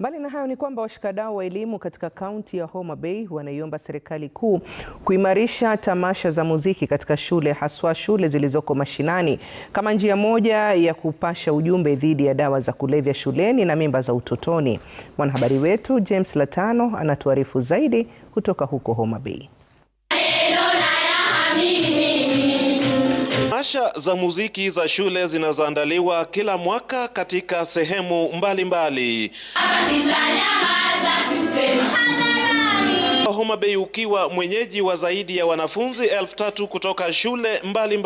Mbali na hayo ni kwamba washikadau wa elimu katika kaunti ya Homa Bay wanaiomba serikali kuu kuimarisha tamasha za muziki katika shule haswa shule zilizoko mashinani kama njia moja ya kupasha ujumbe dhidi ya dawa za kulevya shuleni na mimba za utotoni. Mwanahabari wetu James Latano anatuarifu zaidi kutoka huko Homa Bay. Tamasha za muziki za shule zinazoandaliwa kila mwaka katika sehemu mbalimbali Homa Bay ukiwa mwenyeji wa zaidi ya wanafunzi elfu tatu kutoka shule mbalimbali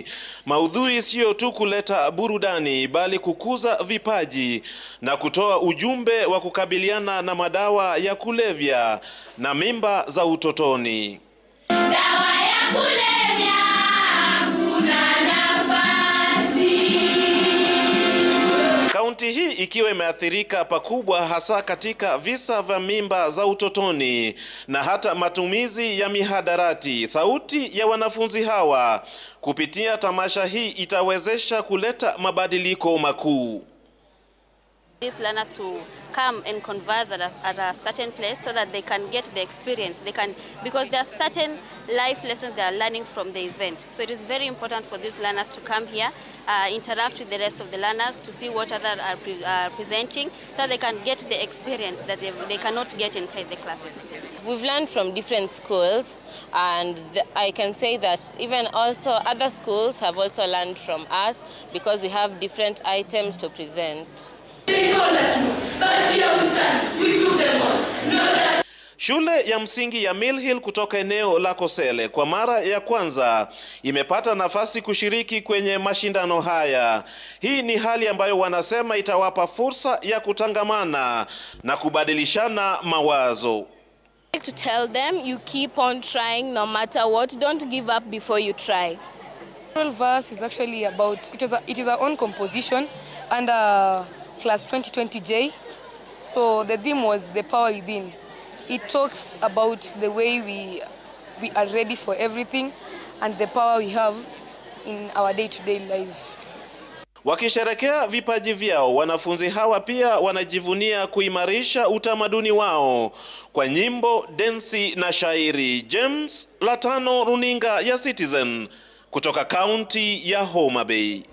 mbali. Maudhui siyo tu kuleta burudani bali kukuza vipaji na kutoa ujumbe wa kukabiliana na madawa ya kulevya na mimba za utotoni. Dawa ya kule. Kaunti hii ikiwa imeathirika pakubwa hasa katika visa vya mimba za utotoni na hata matumizi ya mihadarati. Sauti ya wanafunzi hawa kupitia tamasha hii itawezesha kuleta mabadiliko makuu. these learners to come and converse at a, at a, certain place so that they can get the experience. They can because there are certain life lessons they are learning from the event. So it is very important for these learners to come here, uh, interact with the rest of the learners to see what others are, pre presenting, so they can get the experience that they, they cannot get inside the classes. We've learned from different schools, and the, I can say that even also other schools have also learned from us because we have different items to present. Shule ya msingi ya Mill Hill kutoka eneo la Kosele kwa mara ya kwanza imepata nafasi kushiriki kwenye mashindano haya. Hii ni hali ambayo wanasema itawapa fursa ya kutangamana na kubadilishana mawazo. To tell them you keep on trying no matter what. Don't give up before you try. Verse is actually about it is, a, it is a own composition and uh, class 2020J. So the theme was the power within. It talks about the way we, we are ready for everything and the power we have in our day-to-day -day life. Wakisherekea vipaji vyao, wanafunzi hawa pia wanajivunia kuimarisha utamaduni wao kwa nyimbo, densi na shairi. James Latano, runinga ya Citizen kutoka kaunti ya Homa Bay.